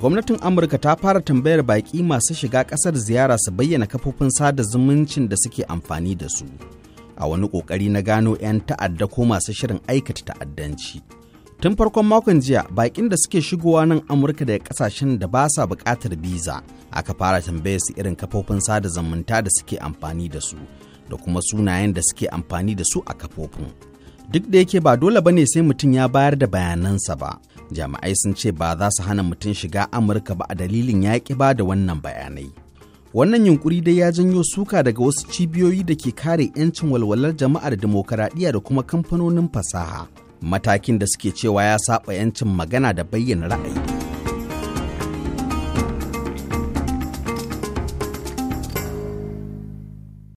gwamnatin amurka ta fara tambayar baƙi masu shiga ƙasar ziyara su bayyana kafofin sada zumuncin da suke amfani da su a wani ƙoƙari na gano 'yan ta'adda ko masu shirin aikata ta'addanci tun farkon makon jiya baƙin da suke shigowa nan amurka daga ƙasashen da ba sa buƙatar biza aka fara tambayar su irin kafofin sada zumunta da suke amfani da su da kuma sunayen da suke amfani da su a kafofin duk da yake ba dole ba ne sai mutum ya bayar da bayanansa ba jami'ai sun ce ba za su hana mutum shiga amurka ba a dalilin yaƙi ba da wannan bayanai wannan yunkuri dai ya janyo suka daga wasu cibiyoyi da ke kare 'yancin walwalar jama'ar demokaradiyya da kuma kamfanonin fasaha matakin da suke cewa ya saba 'yancin magana da bayyana ra'ayi